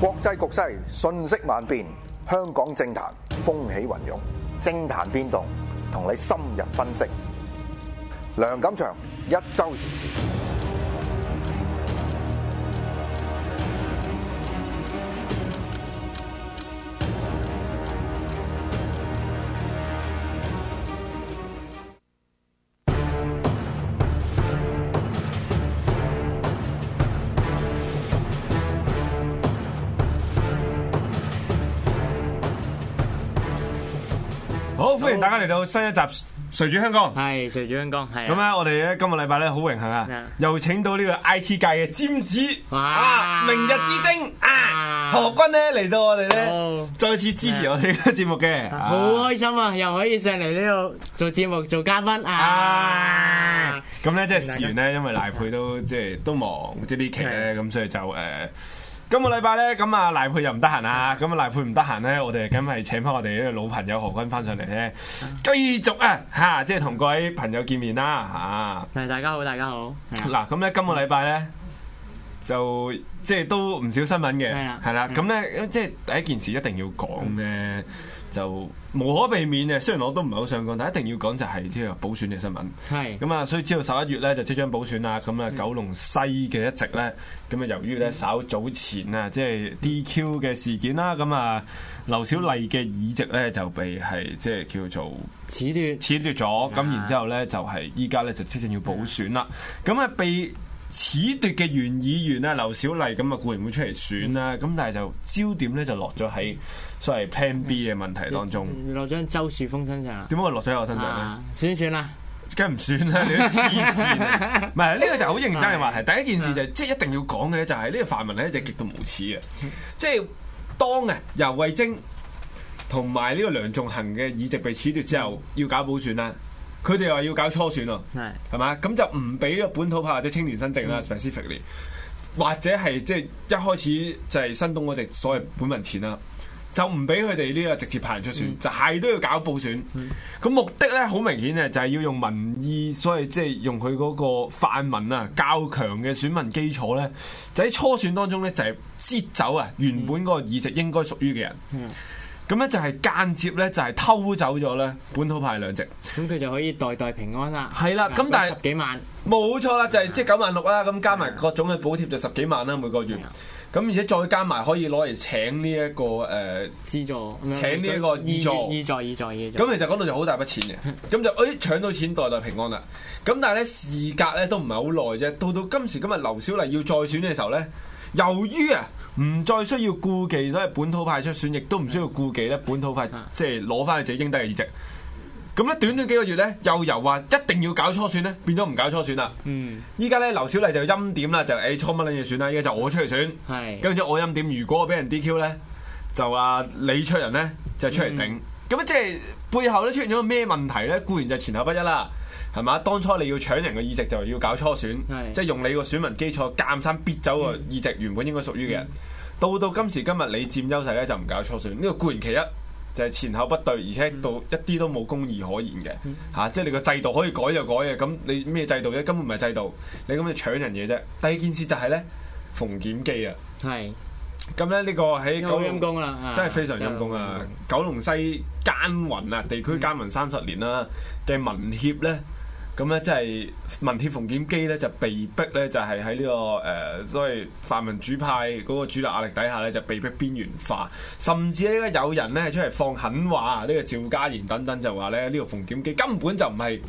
國際局勢瞬息萬變，香港政壇風起雲湧，政壇變動，同你深入分析。梁錦祥，一周時事。大家嚟到新一集《誰主香江》，係《誰主香江》，係咁咧，我哋咧今個禮拜咧好榮幸啊，是的 又請到呢個 I T 界嘅尖子，哇、啊！明日之星啊，啊何君呢，嚟到我哋咧，再次支持我哋嘅節目嘅，好是的、啊、開心啊！又可以上嚟呢度做節目做嘉賓啊！咁咧即係事緣咧，因為賴佩都即係都忙即係呢期咧，咁所以就誒。呃今個禮拜咧，咁啊賴佩又唔得閒啊，咁啊賴佩唔得閒咧，我哋梗係請翻我哋呢個老朋友何君翻上嚟咧，繼續啊，吓即係同各位朋友見面啦，吓、啊，係，大家好，大家好。嗱，咁咧今個禮拜咧，就即係都唔少新聞嘅，係啦，咁咧的即係第一件事一定要講嘅。的就無可避免嘅，雖然我都唔係好想講，但一定要講就係呢個補選嘅新聞。係咁啊，所以知道十一月咧就即將補選啦。咁啊、嗯，九龍西嘅一席咧，咁啊、嗯、由於咧稍早前啊，即係 DQ 嘅事件啦，咁啊、嗯、劉小麗嘅議席咧就被係即係叫做褫奪褫奪咗。咁然之後咧就係依家咧就即將要補選啦。咁啊、嗯、被褫奪嘅原議員啦，劉小麗咁啊固然會出嚟選啦，咁但係就焦點咧就落咗喺所謂 Plan B 嘅問題當中。落咗喺周樹峰身上，點解會落咗喺我身上咧、啊？算唔算啦？梗係唔算啦！你都黐線啊！唔係呢個就好認真嘅話題。第一件事就即、是、係對一定要講嘅咧，就係呢個泛民係一直極度無恥啊！即、就、係、是、當啊游蕙禎同埋呢個梁頌恆嘅議席被褫奪之後，要搞補選啦。佢哋話要搞初選啊，係是，係嘛？咁就唔俾個本土派或者青年新政啦、嗯、，specifically，或者係即係一開始就係新東嗰隻所謂本民錢啦，就唔俾佢哋呢個直接派人出選，嗯、就係都要搞補選。咁、嗯、目的咧好明顯嘅，就係要用民意，所謂即係用佢嗰個泛民啊較強嘅選民基礎咧，就喺初選當中咧就係擠走啊原本嗰個議席應該屬於嘅人。嗯嗯咁咧就係間接咧就係、是、偷走咗咧本土派兩席，咁佢就可以代代平安啦。係啦、嗯，咁但係是十幾萬，冇錯啦，就係即係九萬六啦，咁、嗯、加埋各種嘅補貼就十幾萬啦每個月。咁、嗯、而且再加埋可以攞嚟請呢、這、一個誒、呃、資助，請呢一個議助、議助、議助、議助。咁其實嗰度就好大筆錢嘅，咁 就誒搶到錢代代平安啦。咁但係咧事隔咧都唔係好耐啫，到到今時今日劉小麗要再選嘅時候咧。由於啊，唔再需要顧忌，所以本土派出選，亦都唔需要顧忌咧。本土派即係攞翻佢自己應得嘅議席。咁咧，短短幾個月咧，又由話一定要搞初選咧，變咗唔搞初選啦。嗯，依家咧劉小麗就欽點啦，就誒、欸、初乜撚嘢選啦，依家就我出嚟選。係，跟住我欽點，如果我俾人 DQ 咧，就阿、啊、李卓人咧就出嚟頂。咁啊，即係背後咧出現咗咩問題咧？固然就前後不一啦。係嘛？當初你要搶人嘅議席，就要搞初選，即係用你個選民基礎，夾硬搣走嘅議席原本應該屬於嘅人。到到今時今日，你佔優勢咧就唔搞初選，呢個固然其一，就係前後不對，而且到一啲都冇公義可言嘅吓。即係你個制度可以改就改嘅，咁你咩制度啫？根本唔係制度，你咁就搶人嘢啫。第二件事就係咧，馮檢基啊，係咁咧呢個喺九陰功啦，真係非常陰功啊！九龍西耕耘啊，地區耕耘三十年啦嘅民協咧。咁咧，即係民協馮檢基咧就被逼咧就係喺呢個誒、呃，所謂泛民主派嗰個主流壓力底下咧就被迫邊緣化，甚至咧有人咧出嚟放狠話，呢、這個趙家賢等等就話咧呢、這個馮檢基根本就唔係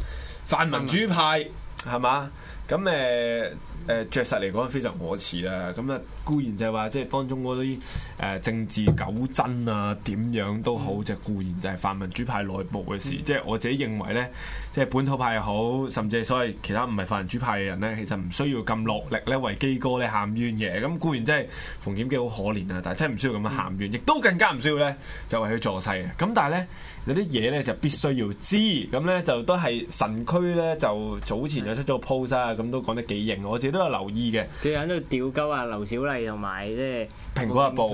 泛民主派，係嘛民？咁誒誒著實嚟講非常可恥啦，咁啊～固然就係話，即係當中嗰啲誒政治糾紛啊，點樣都好，就固然就係泛民主派內部嘅事。嗯、即係我自己認為咧，即係本土派又好，甚至係所謂其他唔係泛民主派嘅人咧，其實唔需要咁落力咧為基哥咧喊冤嘅。咁、嗯、固然即係馮檢基好可憐啊，但係真係唔需要咁樣喊冤，亦、嗯、都更加唔需要咧就為佢助勢嘅。咁但係咧有啲嘢咧就必須要知，咁咧就都係神區咧就早前就出咗 post 啊，咁都講得幾型，我自己都有留意嘅。仲喺度吊鳩啊，劉小麗。同埋即係蘋果一部，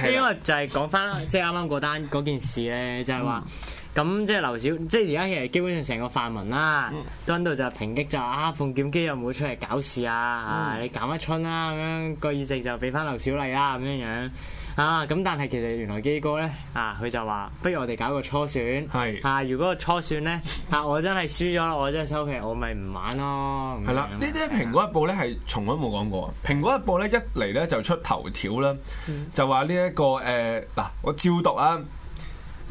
即係因為就係講翻即係啱啱嗰單嗰件事咧， 就係話咁即係劉小，即係而家其實基本上成個泛民啦， 都喺度就抨擊就啊，馮檢基又冇出嚟搞事啊， 你搞一春啦咁樣，個議席就俾翻劉小麗啦咁樣。啊，咁但係其實原來基哥呢，啊佢就話不如我哋搞個初選，係是啊如果個初選呢， 啊我真係輸咗啦，我真係收皮，我咪唔玩咯。係啦的，呢啲蘋果日報咧係從嚟冇講過。蘋果一報蘋果日報呢，一嚟呢就出頭條啦，就話呢一個誒嗱、呃、我照讀啊，呢、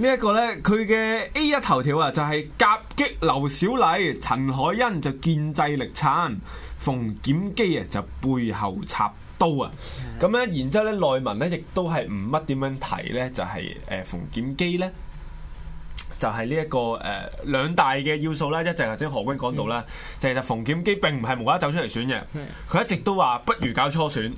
這、一個呢，佢嘅 A 一頭條啊就係夾擊劉小麗，陳海恩就建制力撐，馮檢基啊就背後插。都啊，咁咧，然之後咧，內文咧亦都係唔乜點樣提咧，就係誒馮檢基咧，就係呢一個誒兩大嘅要素啦。一就頭先何君講到啦，就其實馮檢基並唔係無啦啦走出嚟選嘅，佢一直都話不如搞初選。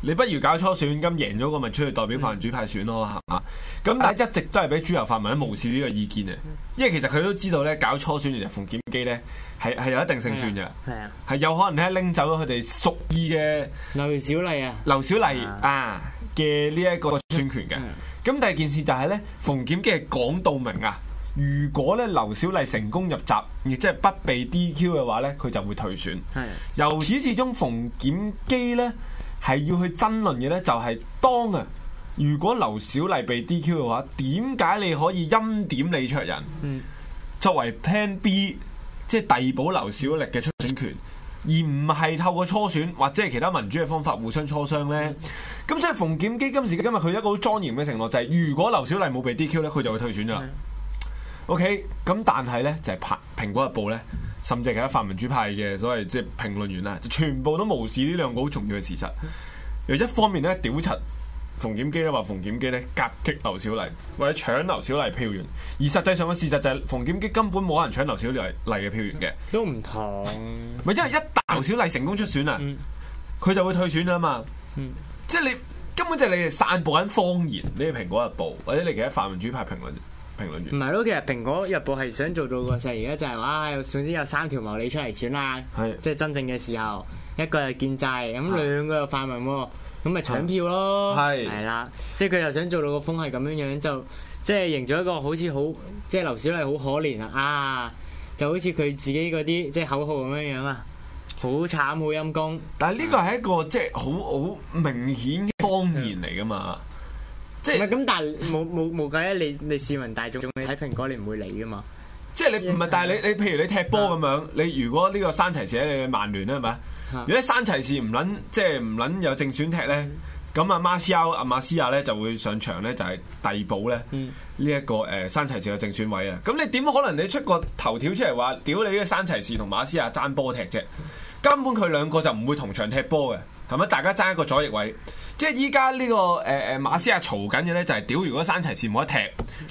你不如搞初選，咁贏咗個咪出去代表泛民主派選咯，係嘛、嗯？咁但係一直都係俾主流泛民無視呢個意見嘅，因為其實佢都知道咧，搞初選其實馮檢基咧係係有一定勝算嘅，係啊、嗯，係、嗯、有可能咧拎走咗佢哋屬意嘅劉小麗啊，劉小麗啊嘅呢一個選權嘅。咁、嗯嗯、第二件事就係咧，馮檢基係講到明啊，如果咧劉小麗成功入閘亦即係不被 DQ 嘅話咧，佢就會退選。係、嗯、由始至終馮檢基咧。係要去爭論嘅呢，就係當啊，如果劉小麗被 DQ 嘅話，點解你可以欽點李卓人？嗯，作為 Plan B，即係遞補劉小麗嘅出選權，而唔係透過初選或者係其他民主嘅方法，互相磋商呢？咁所以，馮檢基今時今日佢一個好莊嚴嘅承諾，就係如果劉小麗冇被 DQ 呢，佢就會退選咋。OK，咁但係呢，就係彭蘋果日報呢。甚至其他泛民主派嘅所謂即係評論員啦，就全部都無視呢兩個好重要嘅事實。又一方面咧，屌柒馮檢基咧，話馮檢基咧，夾擊劉小麗，或者搶劉小麗票源。而實際上嘅事實就係馮檢基根本冇可能搶劉小麗麗嘅票源嘅。都唔同，咪因為一旦劉小麗成功出選啦，佢、嗯、就會退選啦嘛。嗯、即係你根本就係你係散播緊謠言，你嘅蘋果日報或者你其他泛民主派評論。唔係咯，其實《蘋果日報》係想做到個勢，而家就係話，唉、啊，總之有三條毛你出嚟選啦，是的 即係真正嘅時候，一個係建制，咁兩個係泛民喎，咁咪是的 搶票咯，係啦是的 的，即係佢又想做到個風係咁樣樣，就即係營造一個好似好，即係劉小麗好可憐啊，就好似佢自己嗰啲即係口號咁樣樣啊，好慘好陰公。但係呢個係一個即係好好明顯嘅謊言嚟噶嘛。即係咁？但係冇冇冇計啊！你你市民大眾仲未睇蘋果，你唔會理噶嘛？即係你唔係？為但係你、嗯、你譬如你踢波咁樣，你如果呢個山齊士你曼聯咧，係咪？啊、如果山齊士唔捻即係唔捻有正選踢咧，咁阿馬斯爾阿馬斯亞咧就會上場咧就係替補咧呢一個誒山齊士嘅正選位啊！咁你點可能你出個頭條出嚟話屌你呢個山齊士同馬斯亞爭波踢啫？根本佢兩個就唔會同場踢波嘅，係咪？大家爭一個左翼位。即係依家呢個誒誒、呃、馬斯亞嘈緊嘅咧就係屌，如果山齊士冇得踢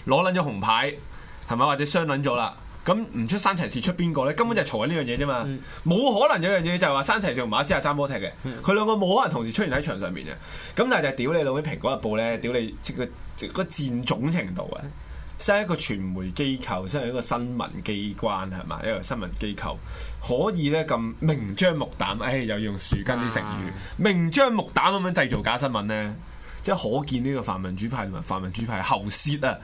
攞撚咗紅牌，係咪？或者傷撚咗啦，咁唔出山齊士出邊個咧？根本就係嘈緊呢樣嘢啫嘛，冇可能有樣嘢，就係話山齊士同馬斯亞爭波踢嘅，佢兩個冇可能同時出現喺場上面嘅。咁但係就係屌你老尾蘋果日報咧，屌你即個即個戰種程度啊！即係一個傳媒機構，即係一個新聞機關係咪？一個新聞機構可以咧咁明張目膽，誒、哎、又用樹根啲成語，啊、明張目膽咁樣製造假新聞咧，即係可見呢個泛民主派同埋泛民主派喉舌啊，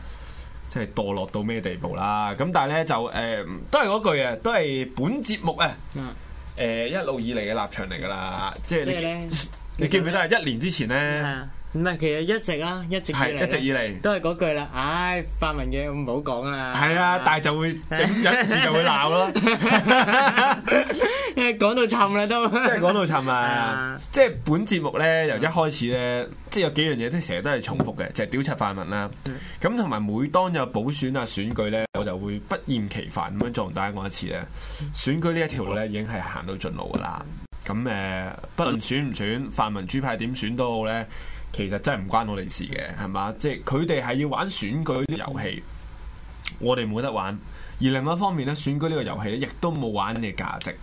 即係墮落到咩地步啦？咁但係咧就誒、呃，都係嗰句啊，都係本節目啊，誒、嗯呃、一路以嚟嘅立場嚟噶啦，即係你，嗯、你記唔記得一年之前咧？嗯嗯唔係，其實一直啦，一直，來一直以嚟都係嗰句啦。唉、哎，泛民嘅唔好講啦。係啊，但係就會一字就會鬧咯。講到沉啦都，即係講到沉啊！即係本節目咧，由一開始咧，即係有幾樣嘢都成日都係重複嘅，就係屌柒泛民啦。咁同埋每當有補選啊選舉咧，我就會不厭其煩咁樣再同大家講一,一次咧。選舉呢一條路咧，已經係行到盡路噶啦。咁誒、嗯，不論選唔選泛民主派點選都好咧。其實真係唔關我哋事嘅，係嘛？即係佢哋係要玩選舉啲遊戲，我哋冇得玩。而另外一方面咧，選舉呢個遊戲咧亦都冇玩嘅價值。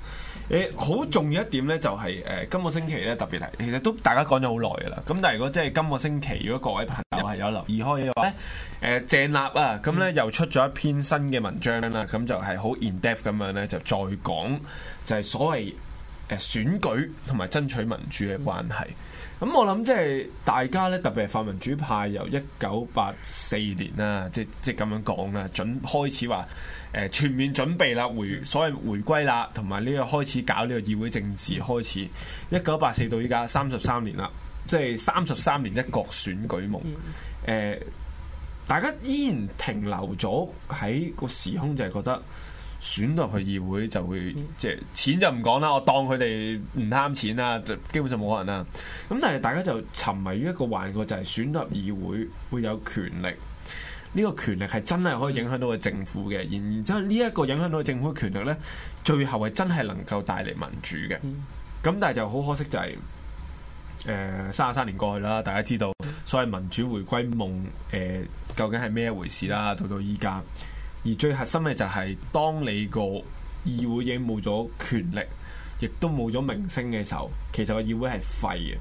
誒，好重要一點咧、就是，就係誒，今、今個星期咧特別係，其實都大家講咗好耐噶啦。咁但係如果即係今個星期，如果各位朋友係有留意開嘅話咧，誒、呃，鄭立啊，咁咧又出咗一篇新嘅文章啦，咁就係好 in depth 咁樣咧，就是、再講就係所謂誒選舉同埋爭取民主嘅關係。咁、嗯、我諗即係大家咧，特別係泛民主派，由一九八四年啦，即即咁樣講啦，準開始話誒、呃、全面準備啦，回所謂回歸啦，同埋呢個開始搞呢個議會政治開始。一九八四到依家三十三年啦，即係三十三年一國選舉夢。誒、呃，大家依然停留咗喺個時空，就係覺得。選入去議會就會，即係錢就唔講啦，我當佢哋唔貪錢啦，就基本上冇可能啦。咁但係大家就沉迷於一個幻覺，就係選入議會會有權力。呢個權力係真係可以影響到個政府嘅。然之後呢一個影響到個政府嘅權力呢，最後係真係能夠帶嚟民主嘅。咁但係就好可惜就係，誒三十三年過去啦，大家知道所謂民主回歸夢，誒究竟係咩回事啦？到到依家。而最核心嘅就係，當你個議會已經冇咗權力，亦都冇咗名聲嘅時候，其實個議會係廢嘅。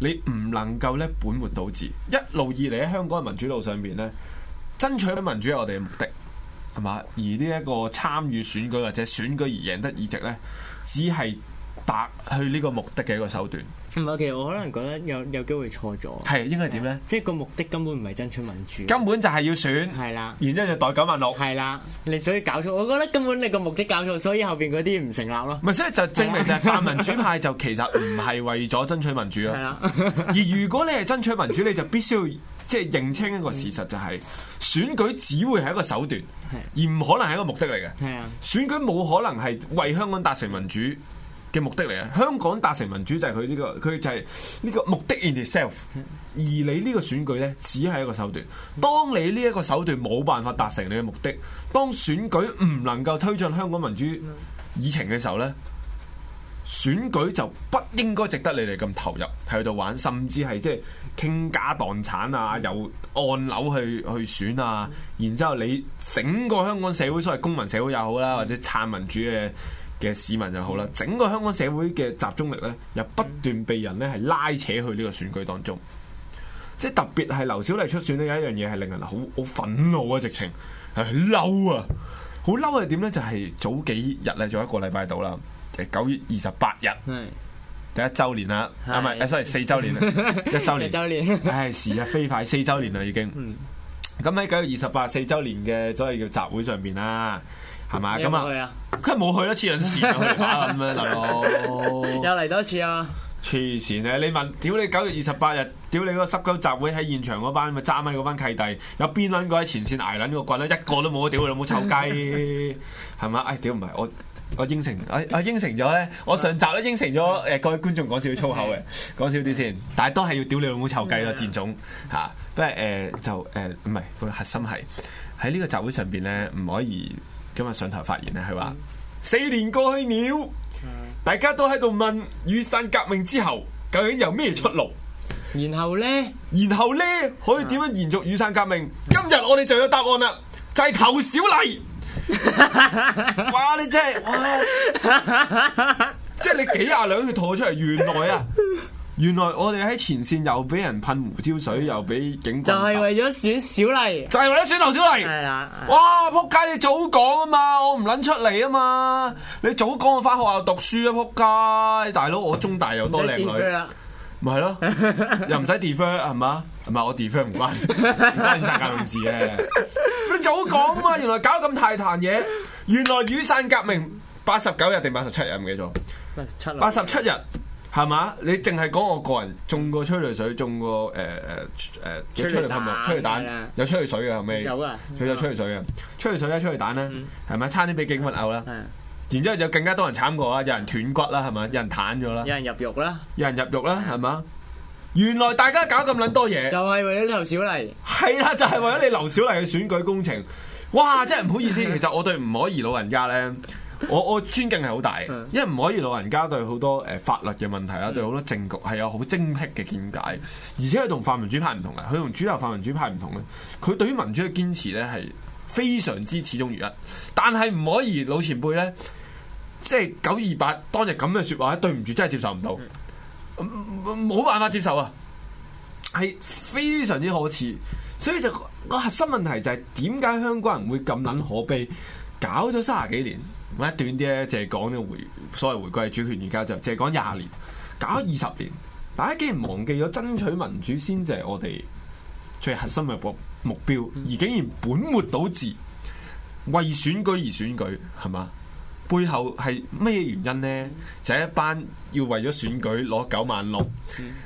你唔能夠咧本末倒置，一路以嚟喺香港嘅民主路上邊咧，爭取民主係我哋嘅目的，係嘛？而呢一個參與選舉或者選舉而贏得議席咧，只係達去呢個目的嘅一個手段。唔係，其實我可能覺得有有機會錯咗。係應該係點咧？即係個目的根本唔係爭取民主，根本就係要選。係啦的。然之後就代九萬六。係啦。你所以搞錯，我覺得根本你個目的搞錯，所以後邊嗰啲唔成立咯。唔係，所以就證明就係泛民主派就其實唔係為咗爭取民主咯。係啦的。而如果你係爭取民主，你就必須要即係認清一個事實，就係、是、選舉只會係一個手段，的而唔可能係一個目的嚟嘅。係啊的。選舉冇可能係為香港達成民主。嘅目的嚟啊！香港達成民主就係佢呢個，佢就係呢個目的 in itself。而你呢個選舉呢，只係一個手段。當你呢一個手段冇辦法達成你嘅目的，當選舉唔能夠推進香港民主議程嘅時候呢，選舉就不應該值得你哋咁投入喺度玩，甚至係即係傾家蕩產啊，由按樓去去選啊，然之後你整個香港社會，所謂公民社會又好啦，或者撐民主嘅。嘅市民就好啦，嗯、整個香港社會嘅集中力咧，又不斷被人咧係拉扯去呢個選舉當中，即係特別係劉小麗出選呢，有一樣嘢係令人好好憤怒啊！直情係嬲啊！好嬲係點咧？就係、是、早幾日咧，仲有一個禮拜到啦，誒九月二十八日，第是一週年啦，係咪？誒，所以四週年，一週年週年，唉時日飛快，四週年啦已經。咁喺九月二十八四週年嘅所謂叫集會上邊啦。係咪啊？咁啊，佢冇去一次陣時咁啊，大佬又嚟咗一次啊，黐線啊。你問，屌你，九月二十八日，屌你嗰個濕鳩集會喺現場嗰班咪揸咪嗰班契弟有邊撚個喺前線挨撚個棍咧，一個都冇，屌你老母臭雞，係咪啊？哎，屌唔係我我應承我應承咗咧，我上集咧應承咗誒，各位觀眾，講少啲粗口嘅，講少啲先，但係都係要屌你老母臭雞咯，賤種吓。不過誒就誒唔係，個核心係喺呢個集會上邊咧，唔可以。今日上台發言咧，係話、嗯、四年過去了，嗯、大家都喺度問雨傘革命之後究竟有咩出路？然後咧，然後咧可以點樣延續雨傘革命？嗯、今日我哋就有答案啦，就係、是、投小麗。 哇！你真係， 即係你幾廿兩血吐出嚟，原來啊！ 原來我哋喺前線又俾人噴胡椒水，嗯、又俾警察就係為咗選小麗，就係為咗選劉小麗。係啦，哇！仆街，你早講啊嘛，我唔捻出嚟啊嘛，你早講我翻學校讀書啊仆街，大佬我中大又多靚女，咪係咯， 又唔使 defer 係嘛？唔係我 defer 唔 關，唔關世界大事嘅。你早講啊嘛，原來搞咁大壇嘢，原來雨傘革命八十九日定八十七日唔記得咗，八十七日。係嘛？你淨係講我個人中過催淚水，中過誒誒誒，催淚彈、催淚彈有催淚水嘅後屘，有啊的，佢有催淚水啊，催淚水啦！催淚彈啦！係咪、嗯、差啲俾警棍咬啦？然之後就更加多人慘過啊，有人斷骨啦，係咪？有人攤咗啦，有人入獄啦，的有人入獄啦，係嘛？原來大家搞咁撚多嘢，就係為咗你劉小麗。係啊，就係為咗你劉小麗嘅、就是、選舉工程。哇！真係唔好意思， 其實我對唔可以老人家咧。我我尊敬係好大，因為唔可以老人家對好多誒、呃、法律嘅問題啦，嗯、對好多政局係有好精闢嘅見解，而且佢同泛民主派唔同嘅，佢同主流泛民主派唔同咧。佢對於民主嘅堅持咧，係非常之始終如一，但係唔可以老前輩咧，即係九二八當日咁嘅説話咧，對唔住真係接受唔到，冇、嗯、辦法接受啊，係非常之可恥。所以就、個核心問題就係點解香港人會咁撚可悲，搞咗三十幾年。咪短啲咧，就係講嘅回所謂回歸主權，而家就淨係講廿年搞咗二十年，大家竟然忘記咗爭取民主先，就係我哋最核心嘅目目標，而竟然本末倒置，為選舉而選舉，係嘛？背後係咩原因咧？就係一班要為咗選舉攞九萬六。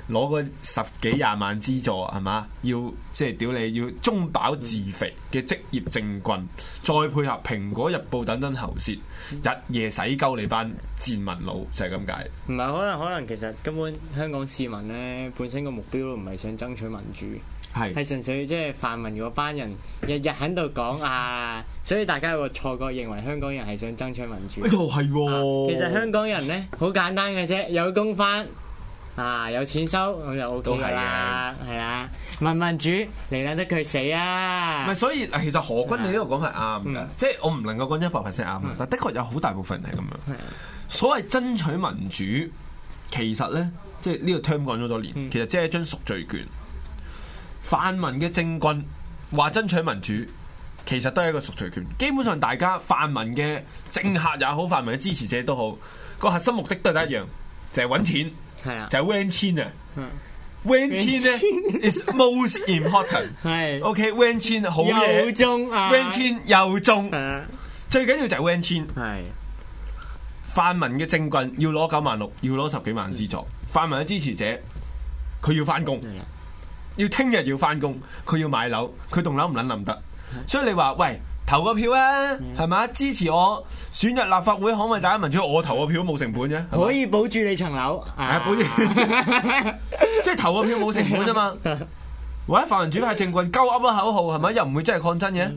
攞個十幾廿萬資助係嘛？要即係屌你，要中飽自肥嘅職業政棍，再配合蘋果日報等等喉舌，日夜洗鳩你班賤民佬，就係咁解。唔係，可能可能其實根本香港市民咧本身個目標都唔係想爭取民主，係，係純粹即係泛民嗰班人日日喺度講啊，所以大家有個錯覺認為香港人係想爭取民主。呢呀、哎，係喎、哦啊，其實香港人咧好簡單嘅啫，有工返。啊！有錢收咁就多、OK。K 啦，係啊，問民主，你理得佢死啊？唔係，所以其實何君你，你呢個講法啱嘅，即係我唔能夠講一百 percent 啱，但的確有好大部分人係咁樣。啊、所謂爭取民主，其實咧即係呢個 term 講咗多年，啊、其實即係一張贖罪券。泛民嘅政棍話爭取民主，其實都係一個贖罪券。基本上，大家泛民嘅政客也好，泛民嘅支持者都好，個核心目的都係一樣，就係、是、揾錢。係啊，就係 Win 錢啊，Win 錢咧，is most important。係，OK，Win 錢好嘢，Win 錢又中，最緊要就係 Win 錢。係，泛民嘅政棍要攞九萬六，要攞十幾萬資助，泛民嘅支持者，佢要翻工，要聽日要翻工，佢要買樓，佢棟樓唔捻冧得，所以你話喂。投個票啊，係咪？支持我選入立法會，可唔可以打民主？我投個票冇成本啫、啊，可以保住你層樓保住， 啊、 即係投個票冇成本啫、啊、嘛。或者 泛民主係政棍，鳩噏嘅口號係咪？又唔會真係抗爭嘅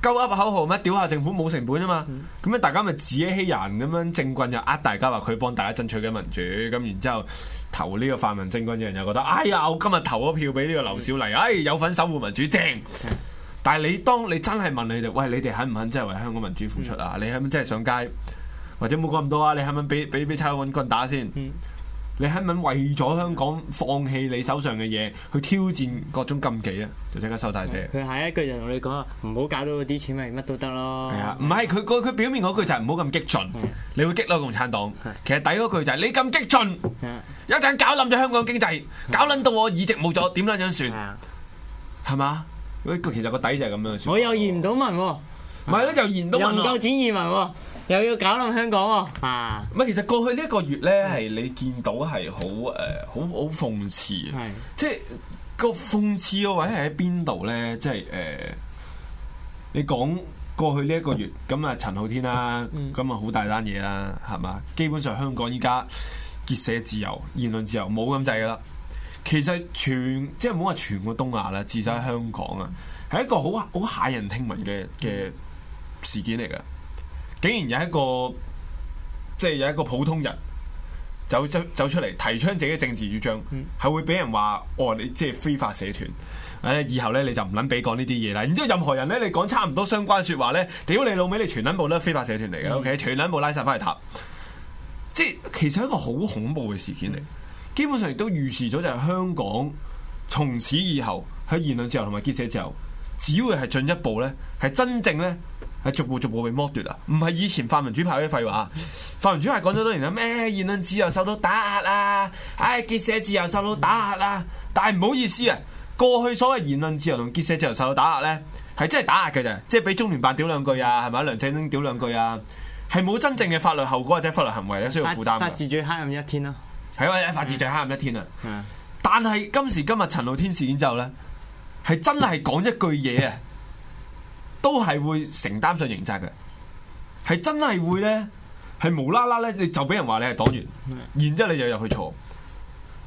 鳩噏口號咩？屌下政府冇成本啊嘛！咁、嗯、樣大家咪自欺欺人咁樣，政棍就呃大家話佢幫大家爭取緊民主，咁然之後投呢個泛民政棍嘅人又覺得哎呀，我今日投個票俾呢個劉小麗，哎有份守護民主正。 但係你當你真係問你哋，喂，你哋肯唔肯真係為香港民主付出啊？你肯唔肯真係上街，或者冇講咁多啊？你肯唔肯俾俾俾差佬揾棍打先？你肯唔肯為咗香港放棄你手上嘅嘢，去挑戰各種禁忌啊？就即刻收大底。佢下一句就同你講啊，唔好搞到啲錢，咪乜都得咯。係啊，唔係佢佢表面嗰句就係唔好咁激進，你會激到共產黨。其實第一句就係你咁激進，一陣搞冧咗香港經濟，搞冧到我議席冇咗，點樣樣算？係嘛？其實個底就係咁樣。說說我又移唔到民喎、啊，唔係咯，又移到民、啊、夠錢移民、啊、又要搞亂香港喎、啊。啊！唔係，其實過去呢一個月咧，係、嗯、你見到係好誒，好、呃、好諷刺，是 即係個諷刺嗰位係喺邊度咧？即係誒、呃，你講過去呢一個月，咁啊陳浩天啦、啊，咁、嗯、啊好大單嘢啦，係嘛？基本上香港依家結社自由、言論自由冇咁滯噶啦。其實全即係冇話全個東亞啦，至少喺香港啊，係一個好好駭人聽聞嘅嘅事件嚟噶。竟然有一個即係有一個普通人走出走出嚟，提倡自己嘅政治主張，係會俾人話，哦，你即係非法社團。唉，以後咧你就唔捻俾講呢啲嘢啦。然之後任何人咧，你講差唔多相關說話咧，屌你老味，你全捻部都係非法社團嚟嘅。O K，、嗯、全捻部拉晒翻嚟塔。即係其實係一個好恐怖嘅事件嚟。嗯嗯基本上亦都預示咗，就係香港從此以後，喺言論自由同埋結社自由，只會係進一步咧，係真正咧係逐步逐步被剝奪啊！唔係以前泛民主派嗰啲廢話，泛民主派講咗多年啦，咩、哎、言論自由受到打壓啊，唉、哎，結社自由受到打壓啊！但係唔好意思啊，過去所謂言論自由同結社自由受到打壓咧，係真係打壓嘅啫，即係俾中聯辦屌兩句啊，係咪？梁振英屌兩句啊，係冇真正嘅法律後果或者法律行為咧，需要負擔啊！自最黑暗一天咯。係啊， 法治最黑暗一天啦。 但係今時今日，陳浩天事件之後咧，係真係講一句嘢啊，都係會承擔上刑責嘅。係真係會咧，係無啦啦咧，你就俾人話你係黨員， 然之後你就入去坐。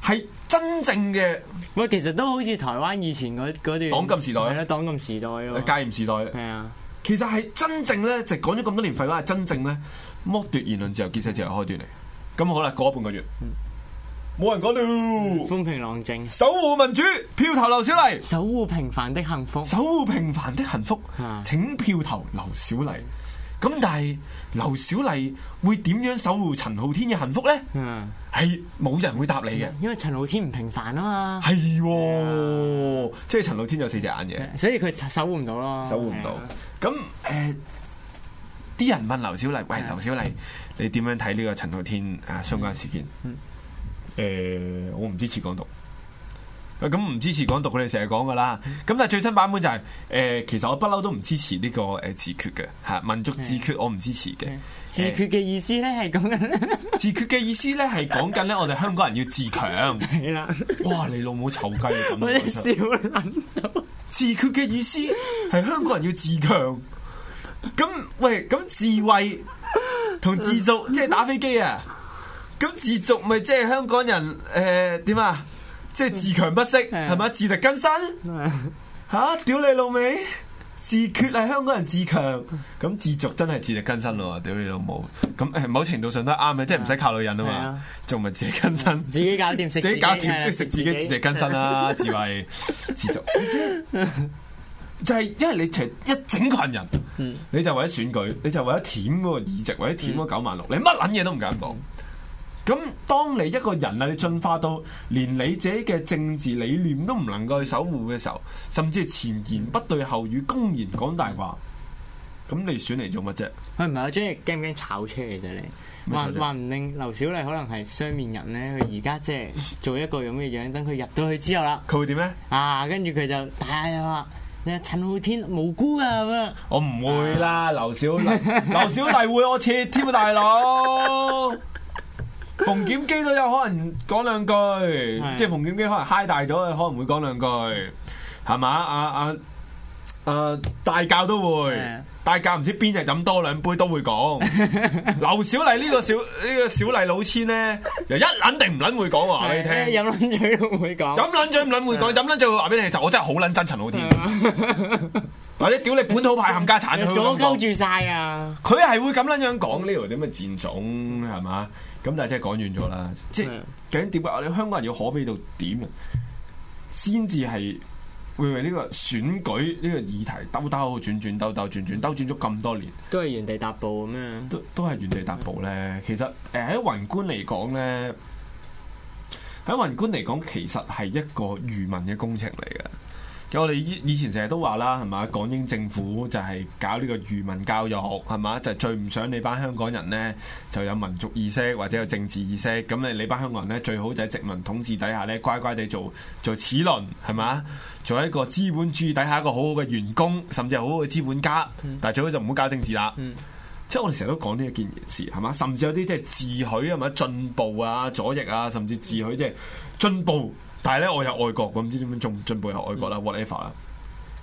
係真正嘅，喂，其實都好似台灣以前嗰段黨禁時代啊，黨禁時代，戒嚴時代。係啊， 其實係真正咧，就講咗咁多年廢話，係真正咧剝奪言論自由、結社自由開端嚟。咁好啦，過咗半個月。冇人講到風平浪靜，守護民主，票投劉小麗，守護平凡的幸福，守護平凡的幸福，嗯、請票投劉小麗。咁、嗯、但係劉小麗會點樣守護陳浩天嘅幸福呢？嗯，係冇人會答你嘅，因為陳浩天唔平凡啊嘛。係、啊，即係陳浩天有四隻眼嘅，所以佢守護唔到咯，守護唔到。咁誒、嗯，啲人、呃、問劉小麗，喂，劉小麗，你點樣睇呢個陳浩天誒相關事件？嗯誒、呃，我唔支持港獨。咁、嗯、唔支持港獨，我哋成日講噶啦。咁但係最新版本就係、是，誒、呃，其實我不嬲都唔支持呢個誒自決嘅吓，民族自決我唔支持嘅。呃、自決嘅意思咧係講緊， 自決嘅意思咧係講緊咧，我哋香港人要自強。係啦，哇，你老母臭雞咁，我笑自決嘅意思係香港人要自強。咁喂，咁自慰同自瀆， 即係打飛機啊！咁自足咪即係香港人誒點啊？即係自強不息係咪？自力更生吓，屌你老味！自決係香港人自強，咁自足真係自力更生咯！屌你老母，咁某程度上都啱嘅，即係唔使靠女人啊嘛，仲咪自力更生，自己搞掂食，自己搞掂食食自己自力更生啦，自慰自足。就係因為你一整群人，你就為咗選舉，你就為咗舔嗰個議席，為咗舔嗰九萬六，你乜捻嘢都唔敢講。咁，當你一個人啊，你進化到連你自己嘅政治理念都唔能夠去守護嘅時候，甚至前言不對後語，公然講大話，咁你選嚟做乜啫？佢唔係我即係驚唔驚炒車嘅啫？你話話唔定劉小麗可能係雙面人咧？佢而家即係做一個咁嘅樣，樣，等佢入到去之後啦，佢會點咧？啊，跟住佢就大嗌話：你陳浩天無辜啊！咁啊，我唔會啦，啊、劉小麗 劉小麗會我切添啊，大佬！馮檢基都有可能講兩句，即係馮檢基可能嗨大咗，可能會講兩句，係嘛？阿阿阿大教都會，大教唔知邊日飲多兩杯都會講。劉小麗呢個小呢個小麗老千咧，就一捻定唔捻會講話俾你聽。飲捻水會講，飲捻水唔捻會講，飲捻水就會話俾你聽，其實我真係好捻真陳老天，或者屌你本土派冚家鏟去。阻鳩住晒啊！佢係會咁捻樣講，呢條點乜賤種係嘛？咁但係真係講完咗啦，即係麼究竟點解我哋香港人要可悲到點啊？先至係會為呢個選舉呢個議題兜兜轉轉、兜兜轉轉、兜轉咗咁多年，都係原地踏步咁樣，都都係原地踏步咧。嗯、其實誒喺、呃、宏觀嚟講咧，喺宏觀嚟講其實係一個愚民嘅工程嚟嘅。咁我哋以以前成日都話啦，係嘛？港英政府就係搞呢個愚民教育，係嘛？就係、最唔想你班香港人呢就有民族意識或者有政治意識。咁你你班香港人呢，最好就喺殖民統治底下呢，乖乖地做做齒輪，係嘛？做一個資本主義底下一個好好嘅員工，甚至係好好嘅資本家。但係最好就唔好搞政治啦。嗯、即係我哋成日都講呢一件事，係嘛？甚至有啲即係自詡係咪進步啊、左翼啊，甚至自詡即係進步。但係咧，我有愛國，我唔知點樣進進步下愛國啦、嗯、，whatever 啦。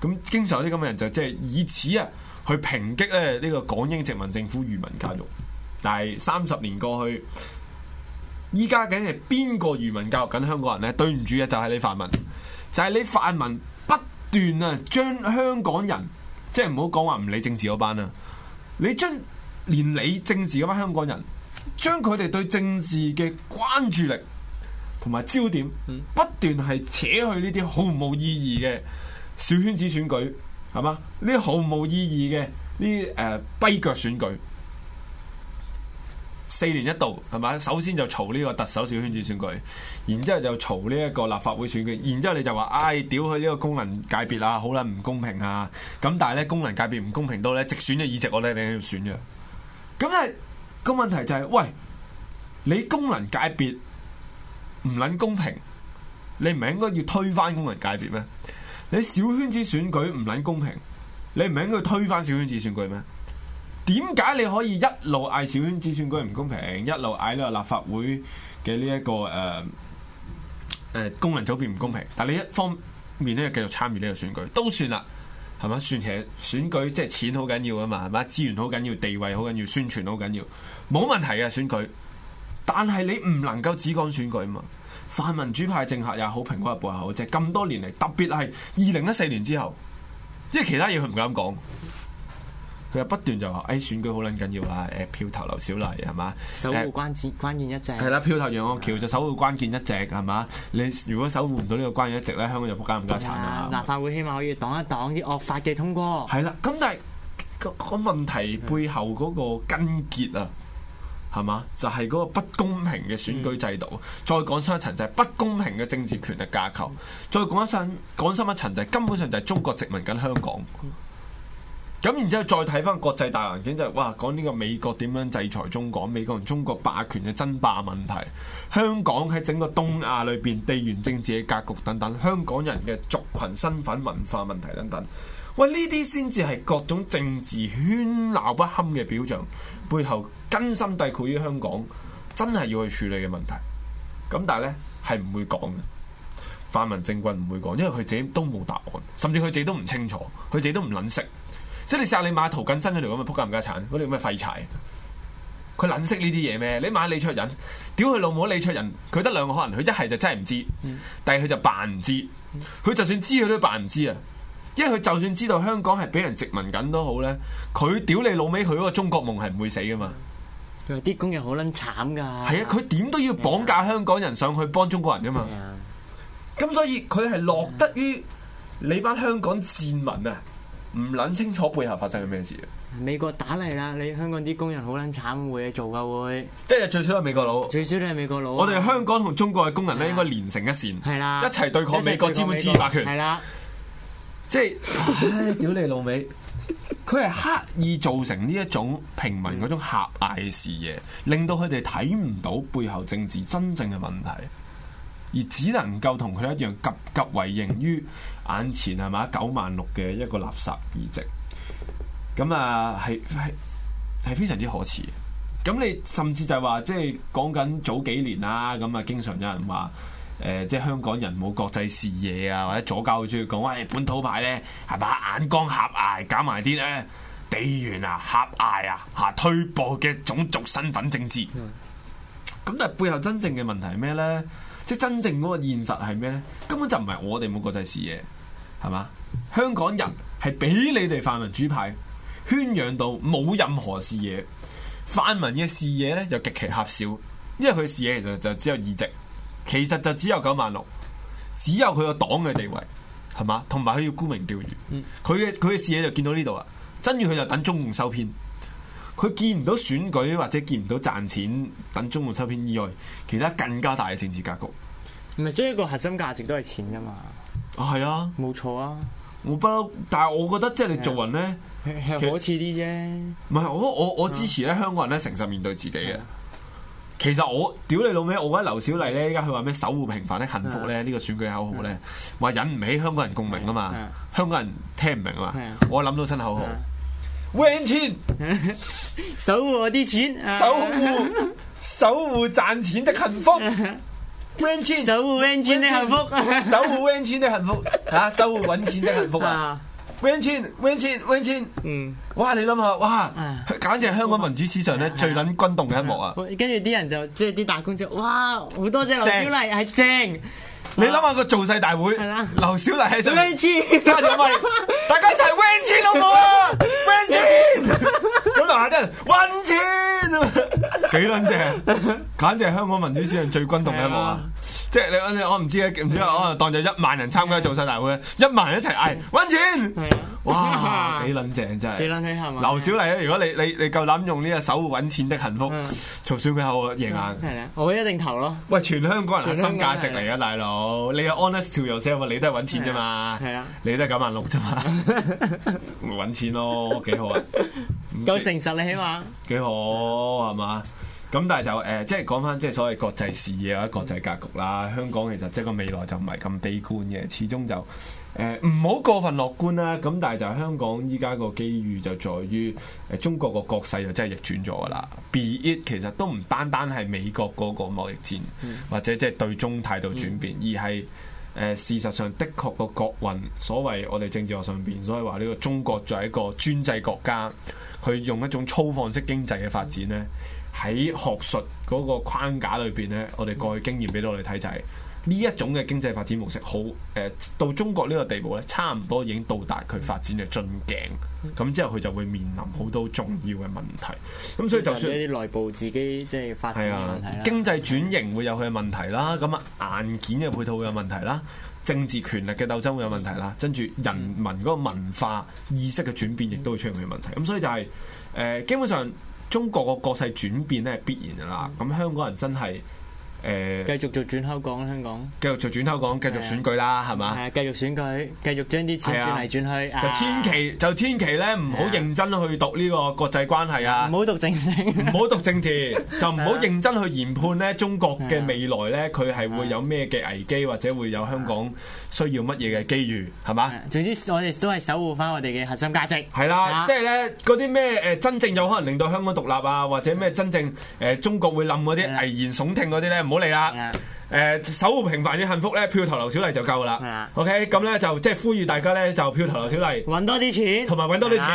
咁經常有啲咁嘅人就即係以此啊，去抨擊咧呢個港英殖民政府愚民教育。但係三十年過去，依家究竟係邊個愚民教育緊香港人咧？對唔住啊，就係、是、你泛民，就係、是、你泛民不斷啊，將香港人即係唔好講話唔理政治嗰班啦。你將連理政治嗰班香港人，將佢哋對政治嘅關注力。同埋焦點不斷係扯去呢啲毫無意義嘅小圈子選舉，係嘛？呢啲毫無意義嘅呢？誒、跛、呃、腳選舉四年一度，係咪？首先就嘈呢個特首小圈子選舉，然之後就嘈呢一個立法會選舉，然之後你就話，唉、哎，屌佢呢個功能界別啊，好撚，唔公平啊！咁但係咧，功能界別唔公平到咧，直選嘅議席我哋喺度選嘅？咁咧、那個問題就係、是，喂，你功能界別？唔捻公平，你唔係應該要推翻工人界別咩？你小圈子選舉唔捻公平，你唔係應該推翻小圈子選舉咩？點解你可以一路嗌小圈子選舉唔公平，一路嗌呢個立法會嘅呢一個誒誒、呃呃、工人組別唔公平？但你一方面咧繼續參與呢個選舉都算啦，係嘛？算其實選舉即係錢好緊要啊嘛，係嘛？資源好緊要，地位好緊要，宣傳好緊要，冇問題嘅選舉。但係你唔能夠只講選舉啊嘛，泛民主派政客又好，蘋果又步好，即係咁多年嚟，特別係二零一四年之後，即係其他嘢佢唔敢講，佢又不斷就話誒、欸、選舉好撚緊要啦，誒、欸、票投劉小麗係嘛，守護關子關鍵一隻係啦、欸，票投楊岳橋就守護關鍵一隻係嘛，你如果守護唔到呢個關鍵一隻咧，香港就仆街更加慘啦。啊、吧立法會希望可以擋一擋啲惡法嘅通過。係啦，咁但係個個問題背後嗰個根結啊。係嘛？就係、是、嗰個不公平嘅選舉制度，嗯、再講深一層就係不公平嘅政治權力架構，再講一層講深一層就係根本上就係中國殖民緊香港。咁、嗯、然之後再睇翻國際大環境就係、是、哇，講呢個美國點樣制裁中國，美國同中國霸權嘅爭霸問題，香港喺整個東亞裏邊地緣政治嘅格局等等，香港人嘅族群身份文化問題等等。喂，呢啲先至係各種政治喧鬧不堪嘅表象，背後根深蒂固於香港，真係要去處理嘅問題。咁但係咧，係唔會講嘅。泛民政棍唔會講，因為佢自己都冇答案，甚至佢自己都唔清楚，佢自己都唔撚識。即係你試下你馬逃緊身嗰條咁嘅撲冚家產，嗰條咁嘅廢柴，佢撚識呢啲嘢咩？你問李卓人，屌佢老母！李卓人，佢得兩個可能，佢一係就真係唔知，但係佢就扮唔知。佢就算知，知，佢都扮唔知啊！因為佢就算知道香港係俾人殖民緊都好咧，佢屌你老尾，佢嗰個中國夢係唔會死噶嘛？佢話啲工人好撚慘噶。係啊，佢點都要綁架香港人上去幫中國人噶嘛？咁的所以佢係落得於你班香港賤民啊，唔撚的清楚背後發生緊咩事啊？美國打嚟啦，你香港啲工人好撚慘，冇做噶會。即係最少係美國佬，最少都係美國佬。我哋香港同中國嘅工人咧，應該連成一線，係啦，一齊對抗美國資本主義霸權，係啦。即係、哎，屌你老味，佢係刻意造成呢一種平民嗰種狹隘嘅視野，令到佢哋睇唔到背後政治真正嘅問題，而只能夠同佢一樣急急為營於眼前係咪九萬六嘅一個垃圾議席。咁啊，係係係非常之可恥。咁你甚至就係話，即係講緊早幾年啦，咁啊，經常有人話。誒、呃，即係香港人冇國際視野啊，或者左教好中意講，喂本土派咧係嘛眼光狹隘，搞埋啲咧地緣啊狹隘啊嚇、啊、推播嘅種族身份政治。咁、嗯、但係背後真正嘅問題係咩咧？即係真正嗰個現實係咩咧？根本就唔係我哋冇國際視野，係嘛？香港人係俾你哋泛民主派圈養到冇任何視野，泛民嘅視野咧就極其狹小，因為佢視野其實就只有議席。其實就只有九萬六，只有佢個黨嘅地位，係嘛？同埋佢要沽名釣譽，佢嘅佢嘅視野就見到呢度啦。真要佢就等中共收編，佢見唔到選舉或者見唔到賺錢，等中共收編以外，其他更加大嘅政治格局。唔係，終於個核心價值都係錢噶嘛。係啊，冇錯啊。錯啊我不嬲，但係我覺得即係你做人咧，可恥啲啫。唔係，我我我，我支持咧，香港人咧誠實面對自己嘅。其實我屌你老味，我覺得劉小麗咧，依家佢話咩守護平凡的幸福咧，呢個選舉口號咧，話引唔起香港人共鳴啊嘛，香港人聽唔明啊嘛，我諗到新口號，搵錢，守護我啲錢，守護守護賺錢的幸福，搵錢，守護搵錢的幸福，守護搵錢的幸福，吓守護搵錢的幸福啊！Win 錢 Win Win 嗯，哇！你諗下，哇，簡直係香港民主史上咧最撚轟動嘅一幕啊！跟住啲人就即係啲打工族，哇，好多謝劉小麗係正，你諗下個造勢大會，劉的小麗係想 w i 大家一齊 Win 錢啊，w i n 錢咁樓下啲人 Win 錢幾撚正， 簡直係香港民主史上最轟動嘅一幕啊！嗯即係你我我唔知咧，唔知啊！我當咗一萬人參加造勢大會，一萬人一齊嗌揾錢哇，幾撚正真係！幾撚正係嘛？劉小麗啊，如果你你你夠膽用呢個手揾錢的幸福，就算佢好贏硬，係啦，我一定投咯。喂，全香港人核心價值嚟噶大佬，你有 honest to yourself，你都係揾錢啫嘛，係啊，你都係九萬六啫嘛，揾錢咯，幾好啊，夠誠實你起碼，幾好係嘛？咁但係就誒、呃，即係講翻即係所謂國際事業啊、國際格局啦。香港其實即係個未來就唔係咁悲觀嘅，始終就誒唔好過分樂觀啦。咁但係就香港依家個機遇就在於誒中國個國勢就真係逆轉咗㗎啦。Be it，其實都唔單單係美國嗰個貿易戰，嗯、或者即係對中態度轉變，而係誒、呃、事實上的確個國運。所謂我哋政治學上邊，所以話呢個中國作為一個專制國家，佢用一種粗放式經濟嘅發展咧。喺學術嗰個框架裏邊咧，我哋過去經驗俾到你睇就係、是、呢一種嘅經濟發展模式好誒，到中國呢個地步咧，差唔多已經到達佢發展嘅進境，咁之後佢就會面臨好多重要嘅問題。咁所以就算你啲內部自己即係發展係啊經濟轉型會有佢嘅問題啦，咁啊硬件嘅配套會有問題啦，政治權力嘅鬥爭會有問題啦，跟住人民嗰個文化意識嘅轉變亦都會出現佢嘅問題。咁所以就係、是、誒基本上。中國個國勢轉變咧係必然㗎喇，咁、嗯、香港人真係。誒繼續做轉口港，香港繼續做轉口港，繼續選舉啦，係嘛？係繼續選舉，繼續將啲錢轉嚟轉去。就千祈就千祈咧，唔好認真去讀呢個國際關係啊！唔好讀政治，唔好讀政治，就唔好認真去研判咧中國嘅未來咧，佢係會有咩嘅危機，或者會有香港需要乜嘢嘅機遇，係嘛？總之我哋都係守護翻我哋嘅核心價值。係啦，即係咧嗰啲咩誒真正有可能令到香港獨立啊，或者咩真正誒中國會冧嗰啲危言聳聽嗰啲咧。唔好嚟啦！誒，的守護平凡嘅幸福咧，票投劉小麗就夠啦。的 OK，咁咧就即係呼籲大家咧，就票投劉小麗，揾多啲錢，同埋揾多啲錢，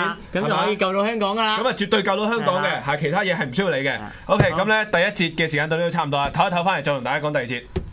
咁就可以救到香港啊！咁啊絕對救到香港嘅，係的其他嘢係唔需要你嘅。OK，咁咧第一節嘅時間到呢都差唔多啦，唞一唞翻嚟再同大家講第二節。